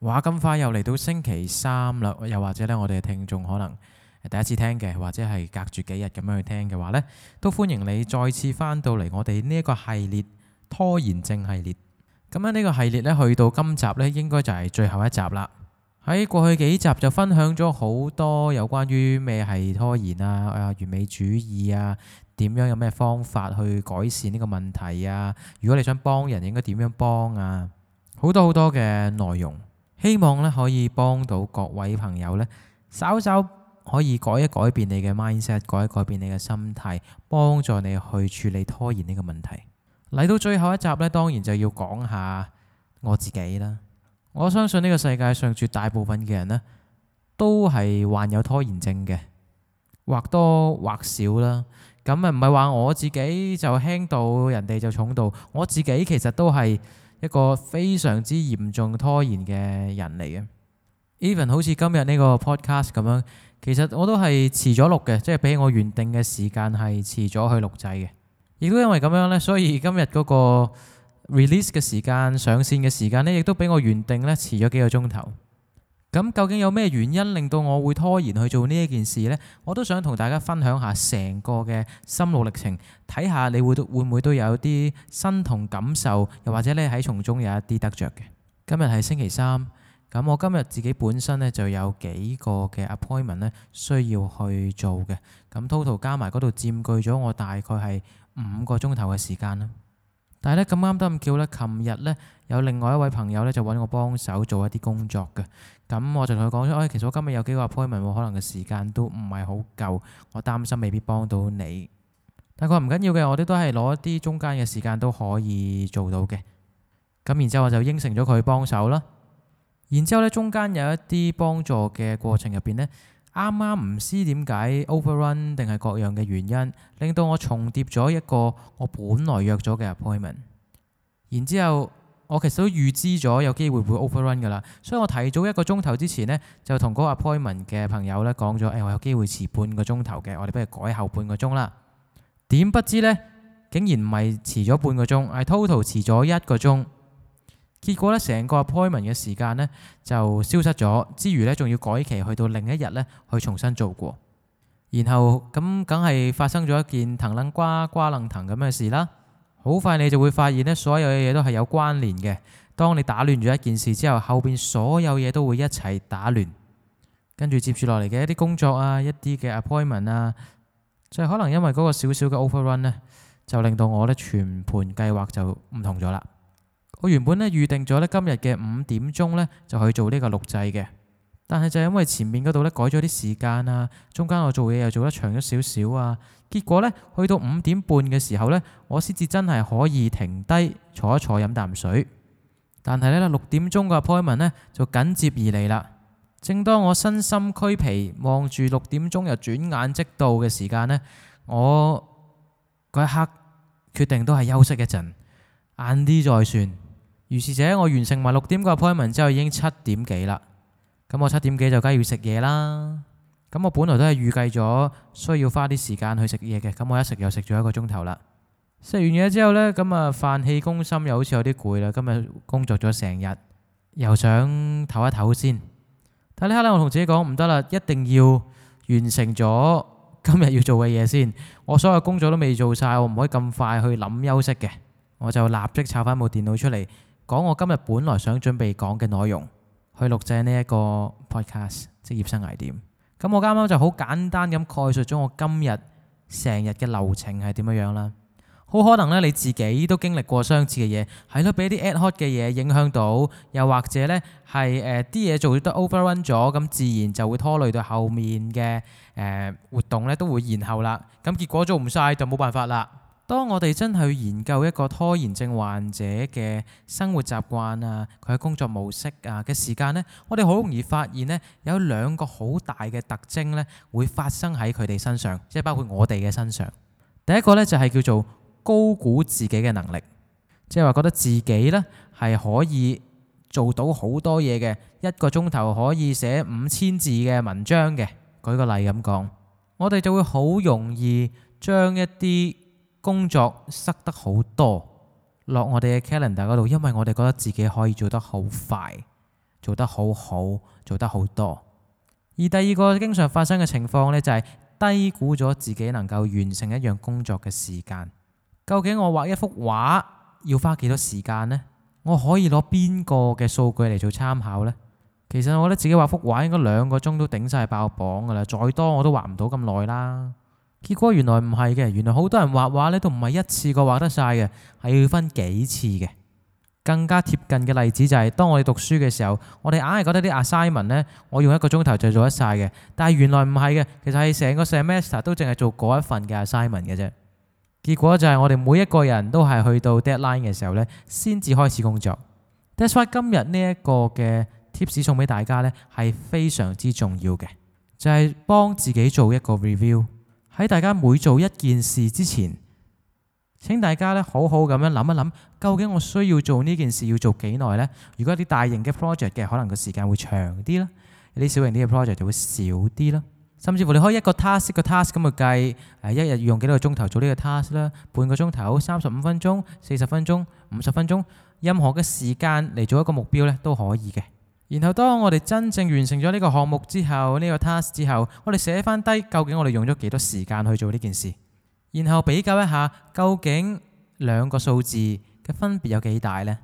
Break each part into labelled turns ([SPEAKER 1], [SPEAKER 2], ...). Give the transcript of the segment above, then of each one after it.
[SPEAKER 1] 話咁快又嚟到星期三啦，又或者呢，我哋嘅聽眾可能第一次聽嘅，或者係隔住幾日咁樣去聽嘅話呢，都歡迎你再次翻到嚟我哋呢一個系列拖延症系列。咁喺呢個系列呢，去到今集呢，應該就係最後一集啦。喺過去幾集就分享咗好多有關於咩係拖延啊、啊完美主義啊，點樣有咩方法去改善呢個問題啊，如果你想幫人，應該點樣幫啊？好多好多嘅內容。希望咧可以幫到各位朋友咧，稍稍可以改一改變你嘅 mindset，改一改變你嘅心態，幫助你去處理拖延呢個問題。嚟到最後一集咧，當然就要講下我自己啦。我相信呢個世界上絕大部分嘅人呢，都係患有拖延症嘅，或多或少啦。咁啊唔係話我自己就輕度，人哋就重度。我自己其實都係。一個非常之嚴重拖延嘅人嚟嘅，Even 好似今日呢個 podcast 咁樣，其實我都係遲咗錄嘅，即係俾我原定嘅時間係遲咗去錄製嘅，亦都因為咁樣呢，所以今日嗰個 release 嘅時間、上線嘅時間呢，亦都俾我原定呢，遲咗幾個鐘頭。咁究竟有咩原因令到我會拖延去做呢一件事呢？我都想同大家分享下成個嘅心路歷程，睇下你會會唔會都有啲身同感受，又或者你喺從中有一啲得着嘅。今日係星期三，咁我今日自己本身呢就有幾個嘅 appointment 呢需要去做嘅，咁 total 加埋嗰度佔據咗我大概係五個鐘頭嘅時間啦。但係呢，咁啱得咁巧呢，琴日呢有另外一位朋友呢，就揾我幫手做一啲工作嘅。咁我就同佢講咗，哎，其實我今日有幾個 appointment，可能嘅時間都唔係好夠，我擔心未必幫到你。但佢話唔緊要嘅，我哋都係攞一啲中間嘅時間都可以做到嘅。咁然之後我就應承咗佢幫手啦。然之後呢，中間有一啲幫助嘅過程入邊呢，啱啱唔知點解 overrun 定係各樣嘅原因，令到我重疊咗一個我本來約咗嘅 appointment。然之後。我其實都預知咗有機會會 overrun 嘅啦，所以我提早一個鐘頭之前呢，就同嗰個 appointment 嘅朋友咧講咗，誒、哎、我有機會遲半個鐘頭嘅，我哋不如改後半個鐘啦。點不知呢，竟然唔係遲咗半個鐘，係 total 遲咗一個鐘。結果呢，成個 appointment 嘅時間呢就消失咗，之餘呢，仲要改期去到另一日呢去重新做過。然後咁梗係發生咗一件騰楞瓜瓜楞騰咁嘅事啦。好快你就會發現呢，所有嘅嘢都係有關聯嘅。當你打亂咗一件事之後，後邊所有嘢都會一齊打亂。跟住接住落嚟嘅一啲工作啊，一啲嘅 appointment 啊，就係可能因為嗰個小小嘅 overrun 呢，就令到我呢全盤計劃就唔同咗啦。我原本呢預定咗呢今日嘅五點鐘呢，就去做呢個錄製嘅，但係就係因為前面嗰度呢改咗啲時間啊，中間我做嘢又做得長咗少少啊。結果呢，去到五點半嘅時候呢，我先至真係可以停低坐一坐飲啖水。但係呢，六點鐘嘅 appointment 呢就緊接而嚟啦。正當我身心俱疲，望住六點鐘又轉眼即到嘅時間呢，我嗰一刻決定都係休息一陣，晏啲再算。如是者，我完成埋六點嘅 appointment 之後，已經七點幾啦。咁我七點幾就梗係要食嘢啦。咁我本來都係預計咗需要花啲時間去食嘢嘅，咁我一食又食咗一個鐘頭啦。食完嘢之後呢，咁啊，飯氣攻心，又好似有啲攰啦。今日工作咗成日，又想唞一唞先。但呢刻呢，我同自己講唔得啦，一定要完成咗今日要做嘅嘢先。我所有工作都未做晒，我唔可以咁快去諗休息嘅。我就立即抄翻部電腦出嚟，講我今日本來想準備講嘅內容，去錄製呢一個 podcast 職業生涯點。咁我啱啱就好簡單咁概述咗我今日成日嘅流程係點樣啦。好可能咧你自己都經歷過相似嘅嘢，係咯，俾啲 ad hoc 嘅嘢影響到，又或者咧係誒啲嘢做咗都 overrun 咗，咁自然就會拖累到後面嘅誒、呃、活動咧都會延後啦。咁結果做唔晒就冇辦法啦。當我哋真係研究一個拖延症患者嘅生活習慣啊，佢嘅工作模式啊嘅時間呢，我哋好容易發現呢，有兩個好大嘅特徵呢會發生喺佢哋身上，即係包括我哋嘅身上。第一個呢，就係叫做高估自己嘅能力，即係話覺得自己呢係可以做到好多嘢嘅，一個鐘頭可以寫五千字嘅文章嘅。舉個例咁講，我哋就會好容易將一啲工作塞得好多落我哋嘅 calendar 度，因為我哋覺得自己可以做得好快，做得好好，做得好多。而第二個經常發生嘅情況呢，就係低估咗自己能夠完成一樣工作嘅時間。究竟我畫一幅畫要花幾多時間呢？我可以攞邊個嘅數據嚟做參考呢？其實我覺得自己畫幅畫應該兩個鐘都頂晒爆榜㗎啦，再多我都畫唔到咁耐啦。結果原來唔係嘅，原來好多人畫畫咧都唔係一次過畫得晒嘅，係要分幾次嘅。更加貼近嘅例子就係當我哋讀書嘅時候，我哋硬係覺得啲 assignment 咧，我用一個鐘頭就做得晒嘅。但係原來唔係嘅，其實係成個 semester 都淨係做嗰一份嘅 assignment 嘅啫。結果就係我哋每一個人都係去到 deadline 嘅時候咧，先至開始工作。That's why 今日呢一個嘅 tips 送俾大家咧，係非常之重要嘅，就係幫自己做一個 review。喺大家每做一件事之前，請大家咧好好咁樣諗一諗，究竟我需要做呢件事要做幾耐呢？如果啲大型嘅 project 嘅，可能個時間會長啲啦；啲小型啲嘅 project 就會少啲啦。甚至乎你可以一個 task 一個 task 咁去計，一日要用幾多個鐘頭做呢個 task 啦，半個鐘頭、三十五分鐘、四十分鐘、五十分鐘，任何嘅時間嚟做一個目標咧都可以嘅。然後當我哋真正完成咗呢個項目之後，呢個 task 之後，我哋寫翻低究竟我哋用咗幾多時間去做呢件事，然後比較一下究竟兩個數字嘅分別有幾大呢？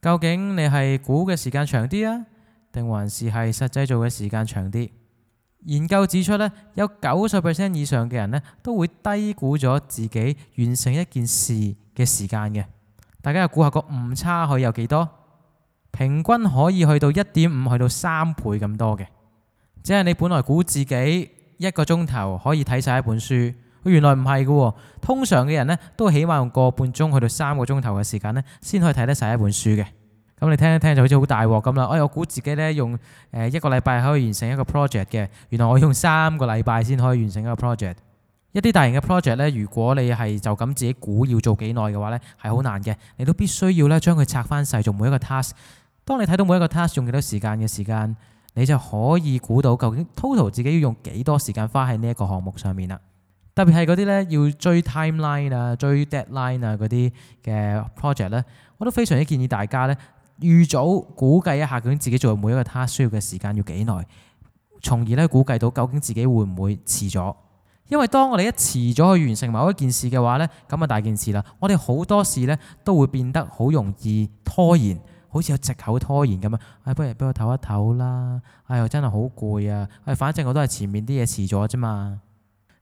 [SPEAKER 1] 究竟你係估嘅時間長啲啊，定還是係實際做嘅時間長啲？研究指出呢，有九十 percent 以上嘅人呢，都會低估咗自己完成一件事嘅時間嘅。大家又估下個誤差可以有幾多？平均可以去到一點五去到三倍咁多嘅，即係你本來估自己一個鐘頭可以睇晒一本書，原來唔係嘅喎。通常嘅人呢都起碼用個半鐘去到三個鐘頭嘅時間呢先可以睇得晒一本書嘅。咁你聽一聽就好似好大鑊咁啦。哎，我估自己呢用誒一個禮拜可以完成一個 project 嘅，原來我用三個禮拜先可以完成一個 project。一啲大型嘅 project 呢，如果你係就咁自己估要做幾耐嘅話呢，係好難嘅。你都必須要呢將佢拆翻細做每一個 task。當你睇到每一個 task 用幾多時間嘅時間，你就可以估到究竟 total 自己要用幾多時間花喺呢一個項目上面啦。特別係嗰啲咧要追 timeline 啊、追 deadline 啊嗰啲嘅 project 咧，我都非常之建議大家咧預早估計一下，究竟自己做每一個 task 需要嘅時間要幾耐，從而咧估計到究竟自己會唔會遲咗。因為當我哋一遲咗去完成某一件事嘅話咧，咁啊大件事啦。我哋好多事咧都會變得好容易拖延。好似有藉口拖延咁啊、哎！不如俾我唞一唞啦！唉、哎，又真係好攰啊！唉、哎，反正我都係前面啲嘢遲咗啫嘛。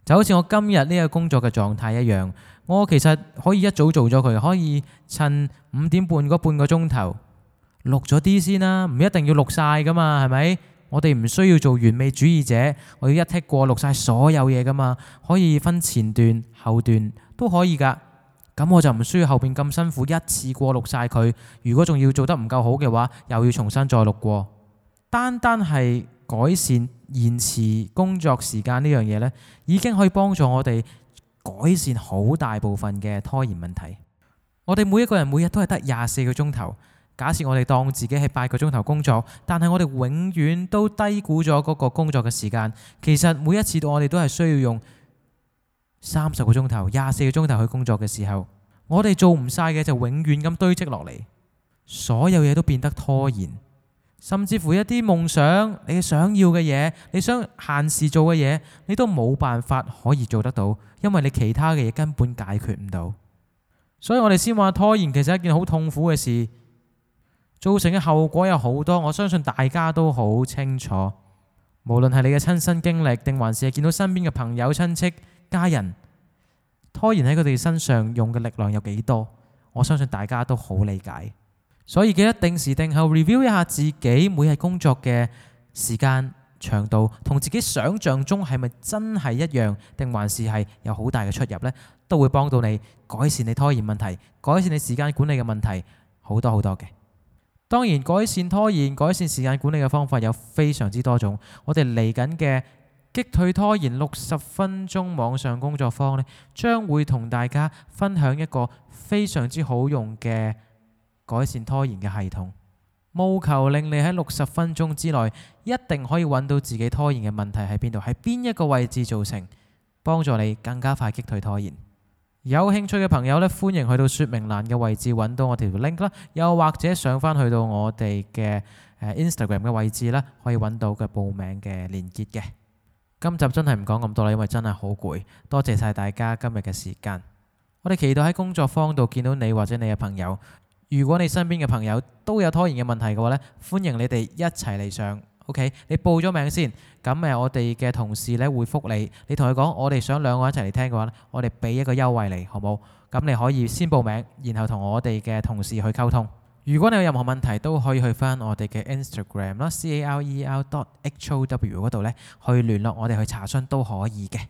[SPEAKER 1] 就好似我今日呢個工作嘅狀態一樣，我其實可以一早做咗佢，可以趁五點半嗰半個鐘頭錄咗啲先啦、啊。唔一定要錄晒噶嘛，係咪？我哋唔需要做完美主義者，我要一剔過錄晒所有嘢噶嘛。可以分前段、後段都可以㗎。咁我就唔需要後邊咁辛苦一次過錄晒佢。如果仲要做得唔夠好嘅話，又要重新再錄過。單單係改善延遲工作時間呢樣嘢呢，已經可以幫助我哋改善好大部分嘅拖延問題。我哋每一個人每日都係得廿四個鐘頭。假設我哋當自己係八個鐘頭工作，但係我哋永遠都低估咗嗰個工作嘅時間。其實每一次我哋都係需要用，三十個鐘頭、廿四個鐘頭去工作嘅時候，我哋做唔晒嘅就永遠咁堆積落嚟，所有嘢都變得拖延，甚至乎一啲夢想、你想要嘅嘢、你想限時做嘅嘢，你都冇辦法可以做得到，因為你其他嘅嘢根本解決唔到。所以我哋先話拖延其實一件好痛苦嘅事，造成嘅後果有好多，我相信大家都好清楚。無論係你嘅親身經歷，定還是係見到身邊嘅朋友、親戚。家人拖延，喺佢哋身上用嘅力量有幾多？我相信大家都好理解，所以記得定時定候 review 一下自己每日工作嘅時間長度，同自己想象中係咪真係一樣，定還是係有好大嘅出入咧，都會幫到你改善你拖延問題，改善你時間管理嘅問題，好多好多嘅。當然，改善拖延、改善時間管理嘅方法有非常之多種。我哋嚟緊嘅。擊退拖延六十分鐘網上工作坊呢，將會同大家分享一個非常之好用嘅改善拖延嘅系統，務求令你喺六十分鐘之內一定可以揾到自己拖延嘅問題喺邊度，喺邊一個位置造成，幫助你更加快擊退拖延。有興趣嘅朋友呢，歡迎去到說明欄嘅位置揾到我條 link 啦，又或者上翻去到我哋嘅、呃、Instagram 嘅位置啦，可以揾到嘅報名嘅鏈接嘅。今集真係唔講咁多啦，因為真係好攰。多謝晒大家今日嘅時間。我哋期待喺工作坊度見到你或者你嘅朋友。如果你身邊嘅朋友都有拖延嘅問題嘅話呢，歡迎你哋一齊嚟上。OK，你報咗名先，咁誒，我哋嘅同事呢會覆你。你同佢講，我哋想兩個人一齊嚟聽嘅話呢，我哋俾一個優惠你，好冇？咁你可以先報名，然後同我哋嘅同事去溝通。如果你有任何問題，都可以去翻我哋嘅 Instagram 啦，Career dot how 嗰度呢，去聯絡我哋去查詢都可以嘅。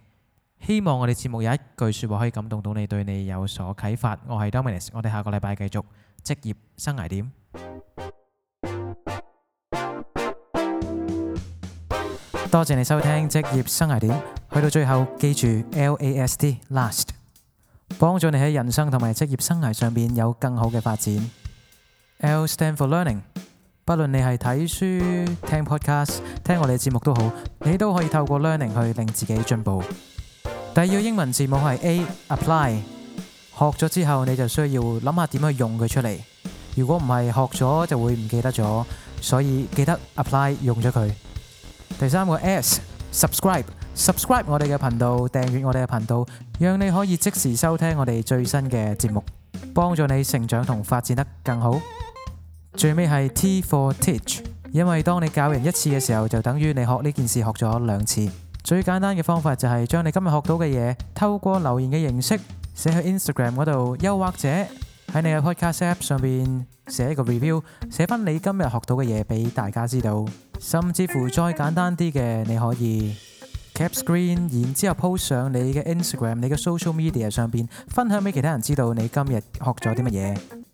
[SPEAKER 1] 希望我哋節目有一句説話可以感動到你，對你有所啟發。我係 Dominus，我哋下個禮拜繼續職業生涯點。多謝你收聽職業生涯點。去到最後，記住 L A S T last，幫助你喺人生同埋職業生涯上面有更好嘅發展。L stand for learning，不論你係睇書、聽 podcast、聽我哋嘅節目都好，你都可以透過 learning 去令自己進步。第二個英文字母係 A apply，學咗之後你就需要諗下點去用佢出嚟。如果唔係學咗就會唔記得咗，所以記得 apply 用咗佢。第三個 S subscribe，subscribe 我哋嘅頻道，訂閱我哋嘅頻道，讓你可以即時收聽我哋最新嘅節目，幫助你成長同發展得更好。最尾係 T for Teach，因為當你教人一次嘅時候，就等於你學呢件事學咗兩次。最簡單嘅方法就係將你今日學到嘅嘢透過留言嘅形式寫去 Instagram 嗰度，又或者喺你嘅 Podcast App 上邊寫一個 Review，寫翻你今日學到嘅嘢俾大家知道。甚至乎再簡單啲嘅，你可以 Cap Screen，然之後鋪上你嘅 Instagram、你嘅 Social Media 上邊分享俾其他人知道你今日學咗啲乜嘢。